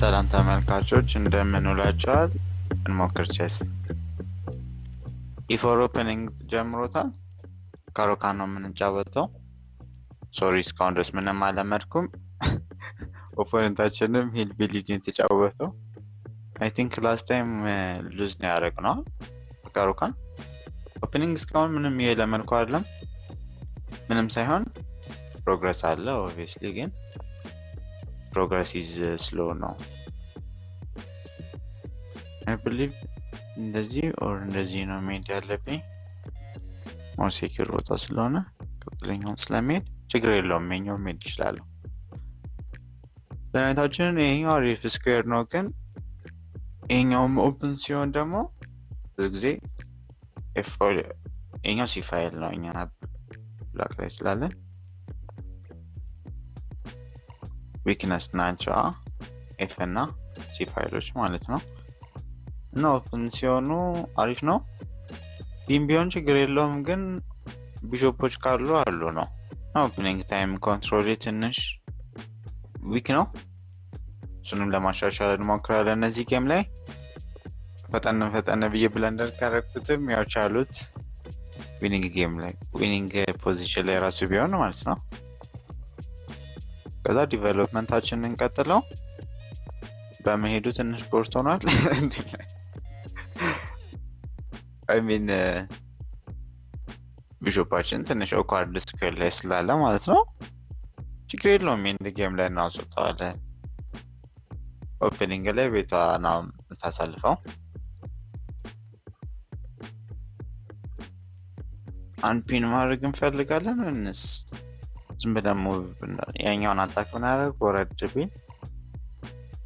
ሰላም ተመልካቾች እንደምን ውላችኋል? እንሞክር ቼስ ኢፎር ኦፕኒንግ ጀምሮታል። ካሮካ ነው የምንጫወተው። ሶሪ እስካሁን ድረስ ምንም አለመድኩም። ኦፖኔንታችንም ሂል ቢሊድን የተጫወተው አይ ቲንክ ላስት ታይም ሉዝ ነው ያደረግነው ከሮካን ኦፕኒንግ እስካሁን ምንም ለመልኩ አይደለም። ምንም ሳይሆን ፕሮግረስ አለ ኦብቪየስሊ ግን progress is uh, slow now I believe እንደዚህ ኦር እንደዚህ ነው መሄድ ያለብኝ። ሞር ሴኪር ቦታ ስለሆነ ቀጥለኛውን ስለመሄድ ችግር የለውም የኛው መሄድ ይችላለሁ። ለአይነታችንን ይሄኛው አሪፍ ስኩዌር ነው፣ ግን ይሄኛውም ኦፕን ሲሆን ደግሞ ብዙ ጊዜ ይሄኛው ሲ ነው እኛ ብላክ ላይ ስላለን ዊክነስ ናቸው ኤፍ እና ሲ ፋይሎች ማለት ነው። እና ኦፕን ሲሆኑ አሪፍ ነው። ቢም ቢሆን ችግር የለውም ግን ቢሾፖች ካሉ አሉ ነው። ኦፕኒንግ ታይም ኮንትሮል ትንሽ ዊክ ነው። እሱንም ለማሻሻል እንሞክራለን። እነዚህ ጌም ላይ ፈጠን ፈጠን ብዬ ብለንደር ካረኩትም ያው ቻሉት ዊኒንግ ጌም ላይ ዊኒንግ ፖዚሽን ላይ ራሱ ቢሆን ማለት ነው። ከዛ ዲቨሎፕመንታችንን እንቀጥለው በመሄዱ ትንሽ ቦርት ሆኗል። ሚን ቢሾፓችን uh, ትንሽ ኦኳርድ ስኩል ላይ ስላለ ማለት ነው ችግር የለውም። ሚንድ ጌም ላይ እናስወጣዋለን። ኦፕኒንግ ላይ ቤቷ ነው የምታሳልፈው። አንፒን ማድረግ እንፈልጋለን ወይንስ ዝም ብለን ሙቭ ያኛውን አታክ ብናደርግ ወረድ ቢል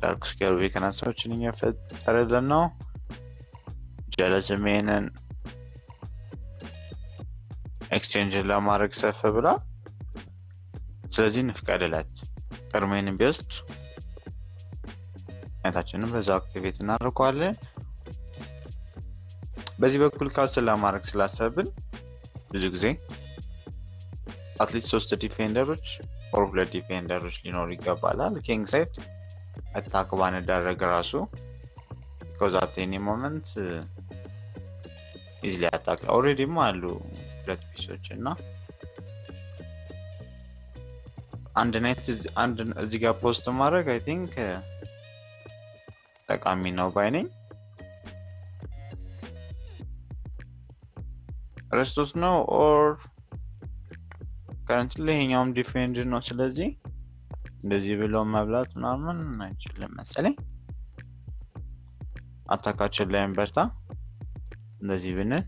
ዳርክ ስኩዌር ዊክነሶችን እየፈጠረልን ነው። ጀለስም ይሄንን ኤክስቼንጅን ለማድረግ ሰፍ ብላ ስለዚህ እንፍቀድለት ቅድሜን ቢወስድ አይነታችንም በዛው አክቲቬት እናደርገዋለን። በዚህ በኩል ካስል ለማድረግ ስላሰብን ብዙ ጊዜ አትሊስት ሶስት ዲፌንደሮች ኦር ሁለት ዲፌንደሮች ሊኖሩ ይገባላል። ኪንግ ሳይድ አታክ ባንዳረግ ራሱ ቢኮዝ አት ኤኒ ሞመንት ኢዝሊ አታክ ኦልሬዲም አሉ ሁለት ፒሶች እና አንድ ናይት አንድ እዚህ ጋር ፖስት ማድረግ አይ ቲንክ ጠቃሚ ነው ባይ ነኝ። ነው ኦር ከረንትሊ ይሄኛውም ዲፌንድ ነው። ስለዚህ እንደዚህ ብሎ መብላት ምናምን አይችልም መሰለኝ። አታካችን ላይም በርታ እንደዚህ ብንል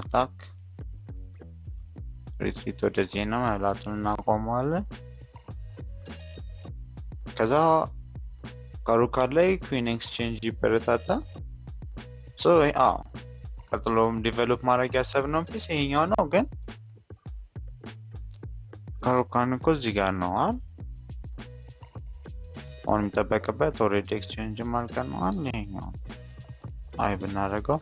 አታክ ሪትሪት ወደዚህ ነው መብላቱን እናቆመዋለን። ከዛ ከሩካድ ላይ ኩዊን ኤክስቼንጅ ይበረታታ። ቀጥሎም ዲቨሎፕ ማድረግ ያሰብነው ፒስ ይሄኛው ነው ግን ካሮካን እኮ እዚህ ጋር ነው አይደል? አሁን የሚጠበቅበት ኦልሬዲ ኤክስቼንጅ ማድረግ ነው ይሄኛው አይ ብናደርገው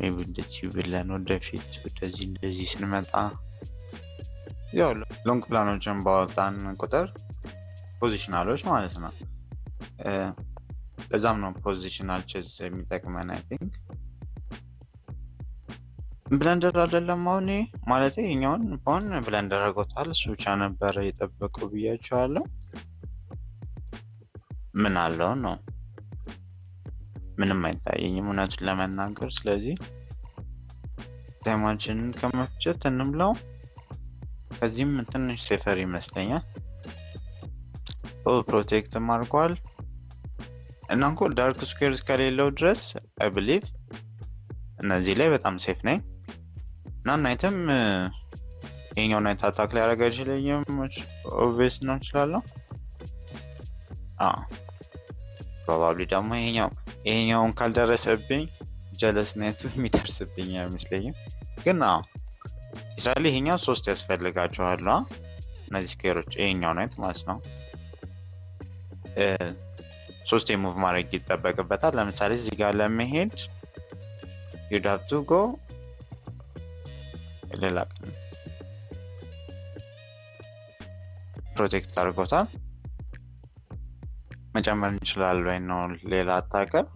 ሜቢ እንደዚህ ብለን ወደፊት ወደዚህ እንደዚህ ስንመጣ ያው ሎንግ ፕላኖችን ባወጣን ቁጥር ፖዚሽናሎች ማለት ነው። ለዛም ነው ፖዚሽናል ቼዝ የሚጠቅመን አይ ቲንክ ብለንደር አይደለም አሁን ማለት ይኛውን ሆን ብለንደር አድርጎታል። እሱ ብቻ ነበረ የጠበቁ ብያቸዋለሁ። ምን አለው ነው ምንም አይታየኝም እውነቱን ለመናገር። ስለዚህ ታይማችንን ከመፍጨት እንምለው። ከዚህም ትንሽ ሴፈር ይመስለኛል። ፕሮቴክትም አድርጓል እና እንኮ ዳርክ ስኩዌር እስከሌለው ድረስ አይ ብሊቭ እነዚህ ላይ በጣም ሴፍ ነኝ። እና ናይትም ይሄኛው ናይት አታክ ላይ ያደረገ አይችልም። ኦብቪየስ ነው እንችላለን። ፕሮባብሊ ደግሞ ይሄኛው ይሄኛውን ካልደረሰብኝ ጀለስ ናይቱ የሚደርስብኝ አይመስለኝም። ግን አዎ ይሄኛው ሶስት ያስፈልጋቸዋል። እነዚህ ስኬሮች ይሄኛው ናይት ማለት ነው ሶስት የሙቭ ማድረግ ይጠበቅበታል። ለምሳሌ እዚህ ጋር ለመሄድ ዩዳፕቱ ጎ ሌላ ቀን ፕሮቴክት አድርጎታል። መጨመር እንችላለን ነው ሌላ አታቀር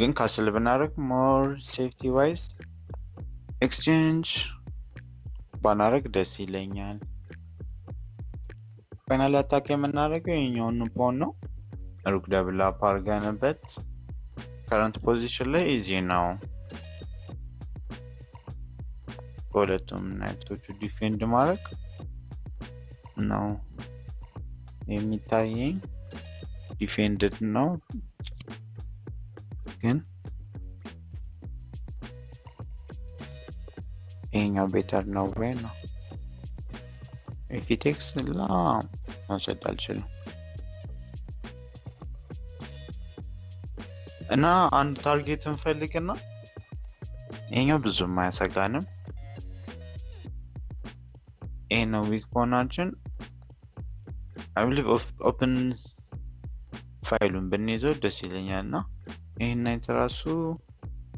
ግን ካስል ብናደርግ ሞር ሴፍቲ ዋይዝ ኤክስቼንጅ ባናደርግ ደስ ይለኛል። ፋይናል አታክ የምናደርገው የኛውን ፖን ነው። ሩክ ደብል አፕ ከረንት ፖዚሽን ላይ ኢዚ ነው። በሁለቱም ናይቶቹ ዲፌንድ ማድረግ ነው የሚታየኝ። ዲፌንድድ ነው ግን ይሄኛው ቤተር ነው ወይ ነው ኤፊቴክስ ላ መውሰድ አልችልም። እና አንድ ታርጌት እንፈልግና ይሄኛው ብዙም አያሰጋንም። in a weak ፖናችን አይ ብሊቭ ኦፕን ፋይሉን ብንይዘው ደስ ይለኛል እና ይህን አይነት ራሱ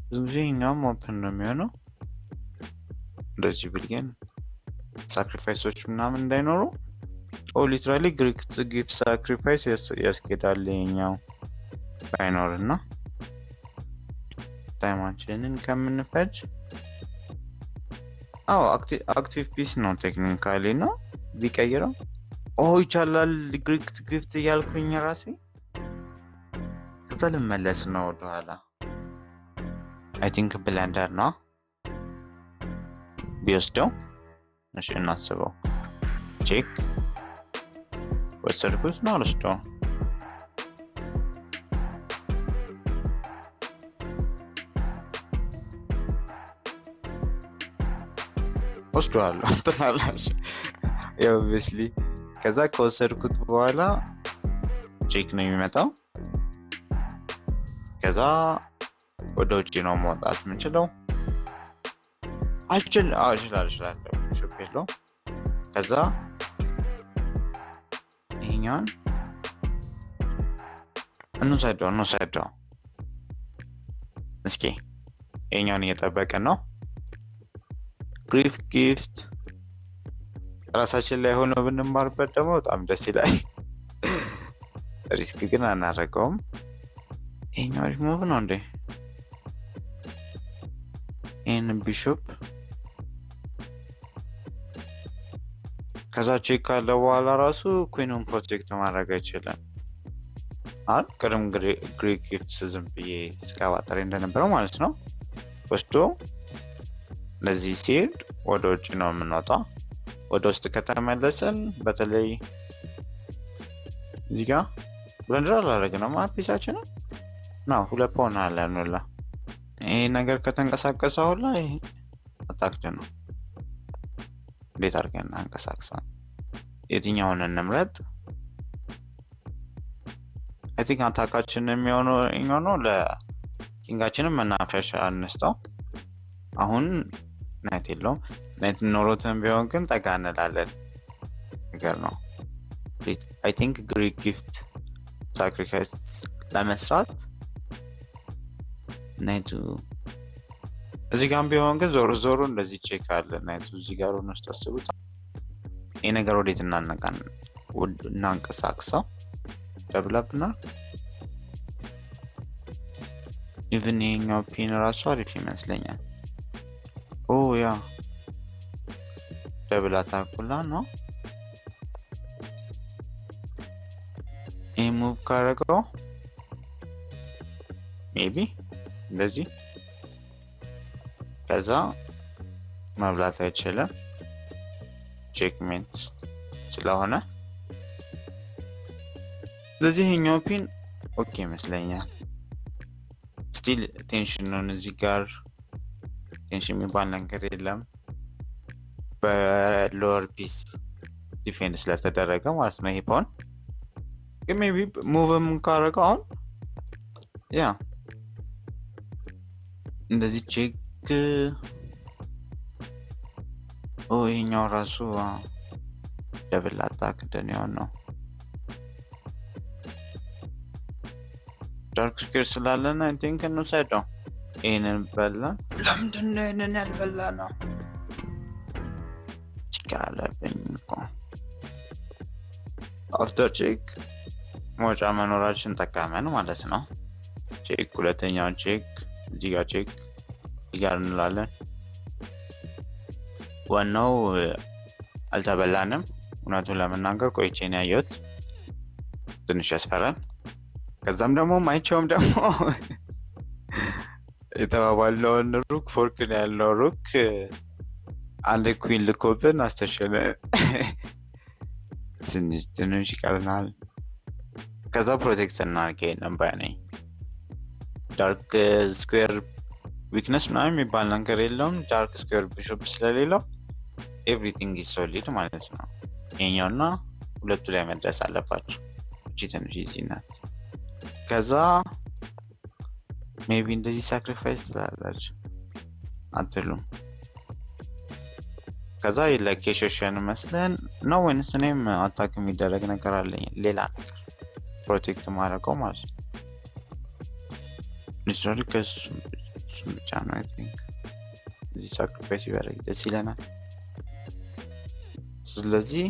ብዙ ጊዜ ኛውም ኦፕን ነው የሚሆነው። እንደዚህ ብልጌን ሳክሪፋይሶች ምናምን እንዳይኖሩ ሊትራሊ ግሪክ ጊፍ ሳክሪፋይስ ያስኬዳል ይኛው ባይኖር እና ታይማችንን ከምንፈጅ አዎ አክቲቭ ፒስ ነው ቴክኒካሊ ነው ቢቀይረው። ኦ ይቻላል። ግሪክት ግፍት እያልኩኝ ራሴ ከዛ ልመለስ ነው ወደኋላ። አይ ቲንክ ብለንደር ነ ቢወስደው። እሺ እናስበው። ቼክ ወሰድኩት ነው አልወስደው ወስደዋለሁ ትላላሽ ኦብቪስሊ ከዛ ከወሰድኩት በኋላ ቼክ ነው የሚመጣው። ከዛ ወደ ውጭ ነው መውጣት ምንችለው አችል ችላል እችላለሁ ችግር ከዛ ይሄኛውን እንውሰደው እንውሰደው እስኪ ይሄኛውን እየጠበቅን ነው። ብሪፍ ጊፍት ራሳችን ላይ ሆኖ ብንማርበት ደግሞ በጣም ደስ ይላል። ሪስክ ግን አናደርገውም። ይህኛው አሪፍ ነው እንዴ! ይህን ቢሾፕ ከዛ ቼክ ካለ በኋላ ራሱ ኩኑን ፕሮቴክት ማድረግ አይችልም። አሁን ቅድም ግሪክ ጊፍትስ ዝም ብዬ ስካባጠሬ እንደነበረው ማለት ነው ወስዶ ለዚህ ሲሄድ ወደ ውጭ ነው የምንወጣ። ወደ ውስጥ ከተመለስን በተለይ እዚህ ጋ ብለንድር አላደረግንም ፒሳችንን ነው ሁለት ፖን አለን ሁላ ይህ ነገር ከተንቀሳቀሰ ሁላ አታክድ ነው። እንዴት አድርገን አንቀሳቅሰን የትኛውን እንምረጥ? አይ ቲንክ አታካችን የሚሆነው ለኪንጋችንም መናፈሻ አንስተው አሁን ናይት የለውም። ነት ኖሮትን ቢሆን ግን ጠጋ እንላለን ነገር ነው። አይ ቲንክ ግሪክ ጊፍት ሳክሪፋይስ ለመስራት ነቱ እዚህ ጋም ቢሆን ግን ዞሮ ዞሮ እንደዚህ ቼክ አለ። እዚህ ጋር ሆነ ስታስቡት ይህ ነገር ወዴት እናነቃን እናንቀሳቅሰው ደብለብ ና ኢቭን ይሄኛው ፒን ራሱ አሪፍ ይመስለኛል። ኦ ያ Devil-attack ነው ይህ ሙቭ ካረገው ሜቢ እንደዚህ ከዛ መብላት አይችልም። ቼክሜንት ስለሆነ ስለዚህ ይህኛው ፒን ኦኬ ይመስለኛል። ስቲል ቴንሽኑን እዚህ ጋር ቴንሽን የሚባል ነገር የለም። በሎወር ፒስ ዲፌንድ ስለተደረገ ማለት ነው። ይሄ ፓውን ግን ሜይ ቢ ሙቭም ካደረገው አሁን ያ እንደዚህ ቼክ ይሄኛው ራሱ ደብል አታክ እንደሚሆን ነው። ዳርክ ስኪር ስላለን አይ ቲንክ እንውሰደው። ይህንን በላን። ለምንድን ይህንን ያልበላ ነው? ችግር አለብኝ እኮ አፍተር ቼክ መውጫ መኖራችን ጠቀመን ማለት ነው። ቼክ ሁለተኛውን ቼክ እዚህ ጋር ቼክ ጋር እንላለን። ዋናው አልተበላንም። እውነቱን ለመናገር ቆይቼን ያየሁት ትንሽ ያስፈራል። ከዛም ደግሞ ማይቸውም ደግሞ የተባባልነውን ሩክ ፎርክ ያለው ሩክ አንድ ኩን ልኮብን አስተሸለ። ትንሽ ትንሽ ይቀርናል። ከዛ ፕሮቴክት እናርገ ባይ ዳርክ ስኩዌር ዊክነስ ምናምን የሚባል ነገር የለውም። ዳርክ ስኩዌር ቢሾፕ ስለሌለው ኤቭሪቲንግ ሶሊድ ማለት ነው። ይሄኛው ሁለቱ ላይ መድረስ አለባቸው። እቺ ትንሽ ይዚናት ከዛ ሜቢ እንደዚህ ሳክሪፋይስ ትላላችሁ አትሉም። ከዛ ለኬሾሽን መስለን ነው ወይንስ እኔም አታክ የሚደረግ ነገር አለኝ ሌላ ነገር ፕሮቴክት ማድረገው ማለት ነው። ሊትራሊ ከእሱም ብቻ ነው እዚህ ሳክሪፋይስ ቢያደርግ ደስ ይለናል። ስለዚህ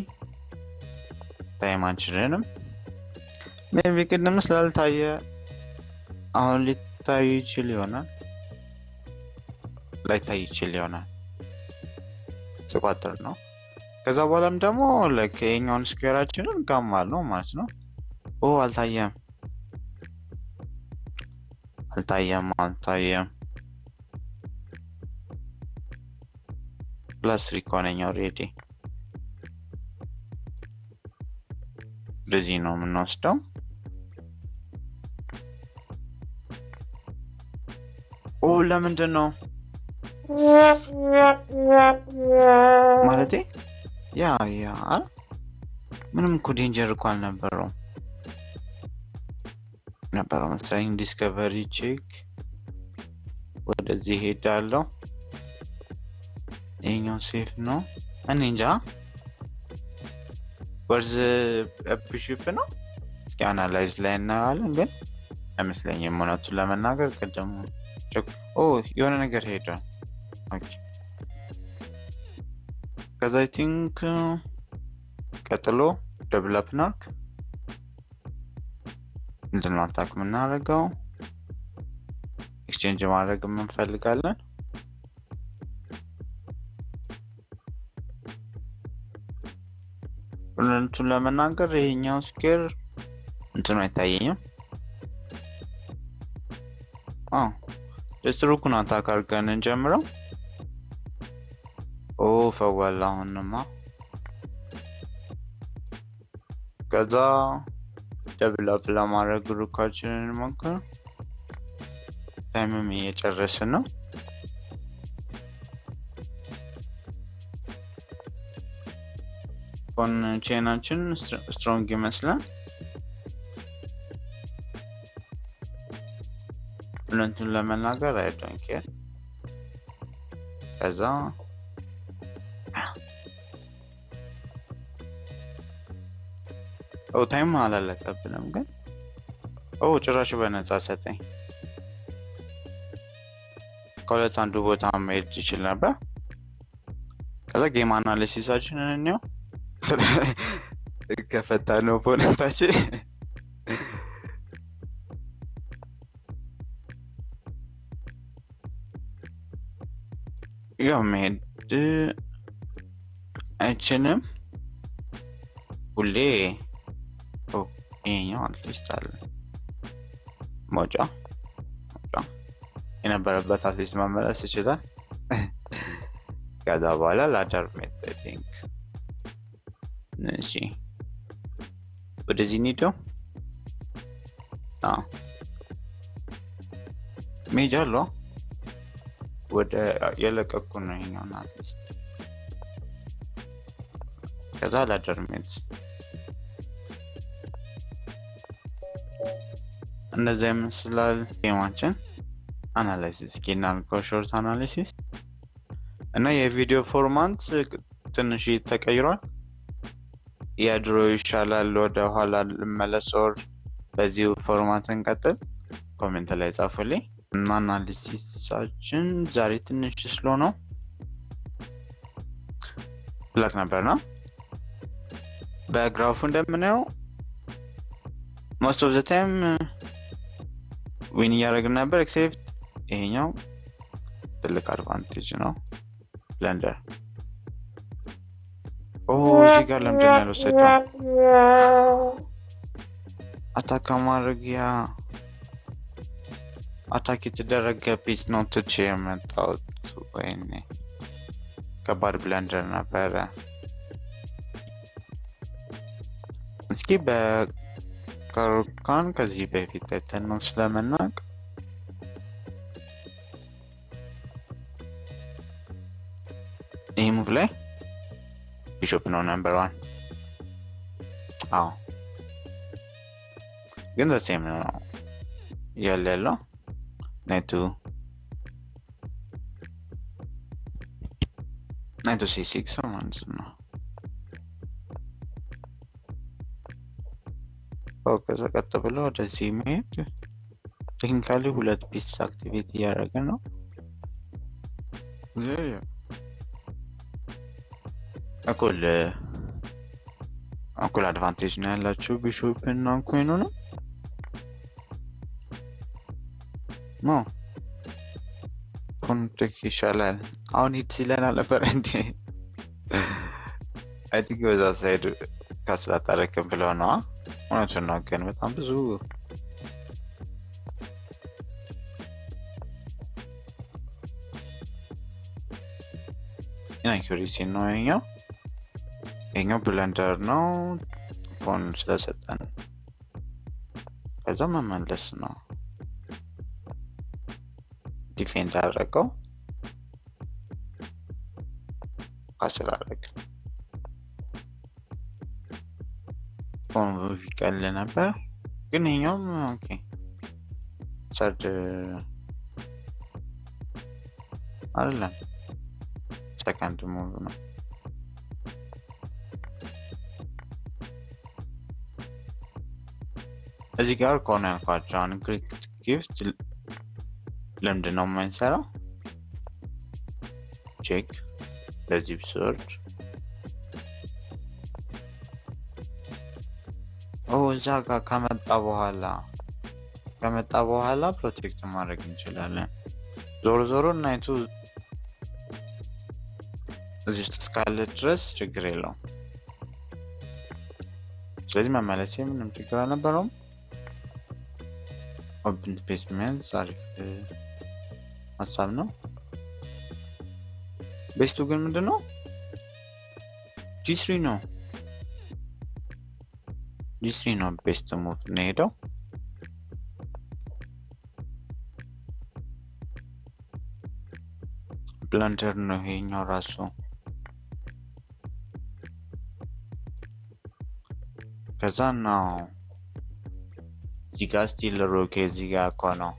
ታይም አንችልንም። ሜቢ ቅድም ስላልታየ አሁን ታይ ይችል ይሆናል ላይታይ ይችል ይሆናል ስቋጥር ነው። ከዛ በኋላም ደግሞ ላይክ የኛውን ስኩዌራችንን ጋማ አለው ማለት ነው። ኦ አልታየም አልታየም አልታየም ፕላስ ትሪ ከሆነኛ ኦልሬዲ እንደዚህ ነው የምንወስደው። ለምንድን ነው ማለቴ? ያ ያ ምንም እኮ ዴንጀር እኮ አልነበረውም ነበረው መሰለኝ። ዲስከቨሪ ቼክ ወደዚህ ሄዳለው ይህኛው ሴፍ ነው። እኔ እንጃ ወርዝ ብሽፕ ነው። እስኪ አናላይዝ ላይ እናያለን ግን አይመስለኝም። እውነቱን ለመናገር ቅድም የሆነ ነገር ሄዷል። ከዛ አይ ቲንክ ቀጥሎ ደብላፕ ናክ ምንድነው አታክ የምናደርገው ኤክስቼንጅ ማድረግ እንፈልጋለን። እውነቱን ለመናገር ይሄኛው ስኬር እንትኑ አይታየኝም። አዎ ስትሮኩን አታክ አድርገን እንጀምረው። ኦ ፈዋል። አሁንማ ከዛ ደብል አፕ ለማድረግ ሩካችንን እንሞክር። ታይምም እየጨረስ ነው። ኮን ቼናችን ስትሮንግ ይመስላል። እውነቱን ለመናገር አይዶን ከዛ ኦ ታይም አላለቀብንም ግን ኦ ጭራሽ በነፃ ሰጠኝ። ከሁለት አንዱ ቦታ መሄድ ይችል ነበር። ከዛ ጌም አናሊሲሳችንን እንየው ከፈታ ነው ፖነታችን ያው መሄድ አይችልም። ሁሌ ይሄኛው አትሊስት አለ መውጫ መውጫ የነበረበት አትሊስት መመለስ ይችላል። ከዛ በኋላ ላደር ሜት ቲንክ እሺ፣ ወደዚህ እንሂደው መሄጃ አለው ወደ የለቀኩ ነው ይኛው አትሊስት ከዛ ላደርሜት እንደዛ ይመስላል ጌማችን አናላይሲስ ጌናል ሾርት አናላይሲስ እና የቪዲዮ ፎርማት ትንሽ ተቀይሯል። የድሮ ይሻላል ወደ ኋላ ልመለስ፣ ኦር በዚሁ ፎርማት እንቀጥል። ኮሜንት ላይ ጻፉልኝ። አናሊሲሳችን ዛሬ ትንሽ ስሎ ነው ብላክ ነበር ነው። በግራፉ እንደምናየው ሞስት ኦፍ ዘ ዊን እያደረግን ነበር፣ ኤክሴፕት ይሄኛው ትልቅ አድቫንቴጅ ነው። ብለንደር ጋር ለምድ ነው ያልወሰደው አታካ ማድረግ ያ አታክ የተደረገ ቤት ነው ትቼ የመጣሁት። ወይኔ ከባድ ብለንደር ነበረ። እስኪ በካሮካን ከዚህ በፊት አይተን ነው ስለምናውቅ ይህ ሙቭ ላይ ቢሾፕ ነው ነምበር ዋን። አዎ ግን ዘሴም ነው ያለ ያለው 9 to 9 to c6 or no ከዛ ቀጥ ብሎ ወደዚህ መሄድ ቴክኒካሊ ሁለት ፒስ አክቲቬት እያደረገ ነው። እኩል እኩል አድቫንቴጅ ነው ያላቸው ቢሾፕ እና ኩኑ ነው። ደግሞ ኮንቴክ ይሻላል። አሁን ሂድ ሲለን አልነበረ እንዴ? አይቲንክ በዛ ሳይድ ካስላጣረክም ብለው ነ እውነቱ ነው ግን በጣም ብዙ ኢናኪሪሲ ነው ይኛው ይኛው ብለንደር ነው ሆን ስለሰጠን ከዛ መመለስ ነው። ዲፌንድ አደረገው ስላደረግ ኮንቮ ቀል ነበር፣ ግን ይሄኛውም ኦኬ ሰርድ አይደለም ሰከንድ ሙቭ ነው። እዚህ ጋር ከሆነ ያልኳቸው ግሪክ ጊፍት ለምንድን ነው የማንሰራው? ቼክ ለዚህ ብሰርች እዛ ጋ ከመጣ በኋላ ከመጣ በኋላ ፕሮቴክት ማድረግ እንችላለን። ዞሮ ዞሮ እናይቱ እዚህ ውስጥ እስካለ ድረስ ችግር የለውም። ስለዚህ መመለሴ ምንም ችግር አልነበረውም። ኦፕን ስፔስ ሚያንስ አሪፍ ሀሳብ ነው። ቤስቱ ግን ምንድን ነው? ጂስሪ ነው። ጂስሪ ነው ቤስት ሙቭ ነው የሄደው። ብለንደር ነው ይሄኛው ራሱ ከዛ ነው እዚጋ ስቲል ሮኬ እዚጋ ጋር እኮ ነው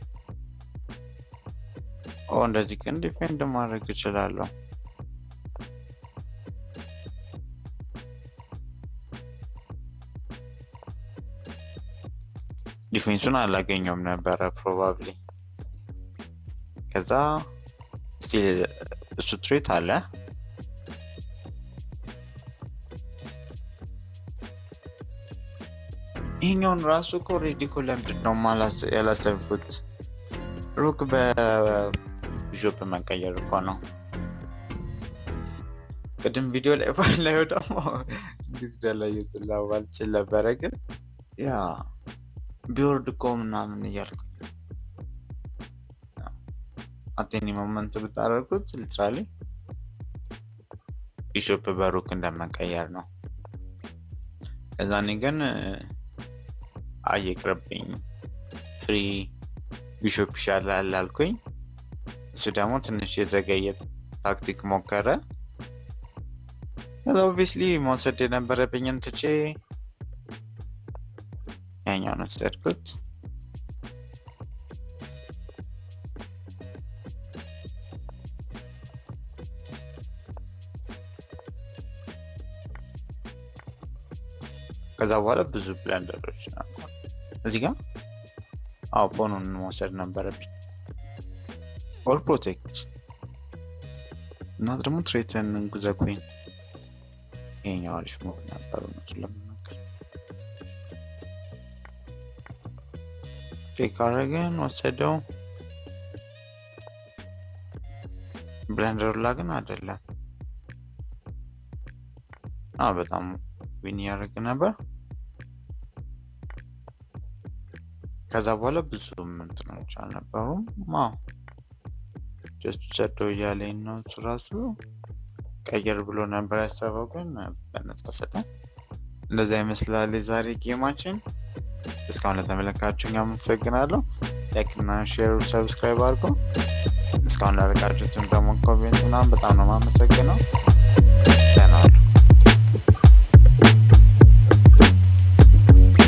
ኦ እንደዚህ ግን ዲፌንድ ማድረግ እችላለሁ። ዲፌንሱን አላገኘውም ነበረ ፕሮባብሊ። ከዛ ስቲል እሱ ትሬት አለ ይህኛውን ራሱ እኮ ሬዲ እኮ ለምንድን ነው ያላሰብኩት ሩክ ቢሾፕ በመቀየር እኮ ነው። ቅድም ቪዲዮ ላይ ባላዩ ደግሞ ጊዜ ላይ የትላባል ችል ነበረ፣ ግን ያ ቢወርድ እኮ ምናምን እያልኩ አቴኒ ሞመንት ብታደርጉት ሊትራሊ ቢሾፕ በሩክ እንደመቀየር ነው። እዛኔ ግን አይቅርብኝ ፍሪ ቢሾፕ ይሻላል አልኩኝ። እሱ ደግሞ ትንሽ የዘገየ ታክቲክ ሞከረ። ከዛ ኦብቪስሊ መውሰድ የነበረብኝን ትቼ ያኛውን ወሰድኩት። ከዛ በኋላ ብዙ ብለንደሮች ነበሩ እዚህ ጋ አዎ ፖኑን መውሰድ ነበረብኝ። ኦር ፕሮቴክት እና ደግሞ ትሬትን እንጉዘ ኩን ይሄኛው አሪፍ ሞክ ነበር። እውነቱን ለመናገር ቼክ አረግን ወሰደው። ብለንደሩላ ግን አይደለም። አ በጣም ዊን ያደርግ ነበር። ከዛ በኋላ ብዙ ምንትኖች አልነበሩም። አዎ ጀስቱ ሰደው እያለኝ ነው። እሱ ራሱ ቀየር ብሎ ነበር ያሰበው፣ ግን በነጻ ሰጠን። እንደዛ ይመስላል የዛሬ ጌማችን። እስካሁን ለተመለካችሁ አመሰግናለሁ። ላይክና ሼር፣ ሰብስክራይብ አድርጎ እስካሁን ላደረጋችሁትም ደግሞ ኮሜንት ምናምን በጣም ነው የማመሰግነው።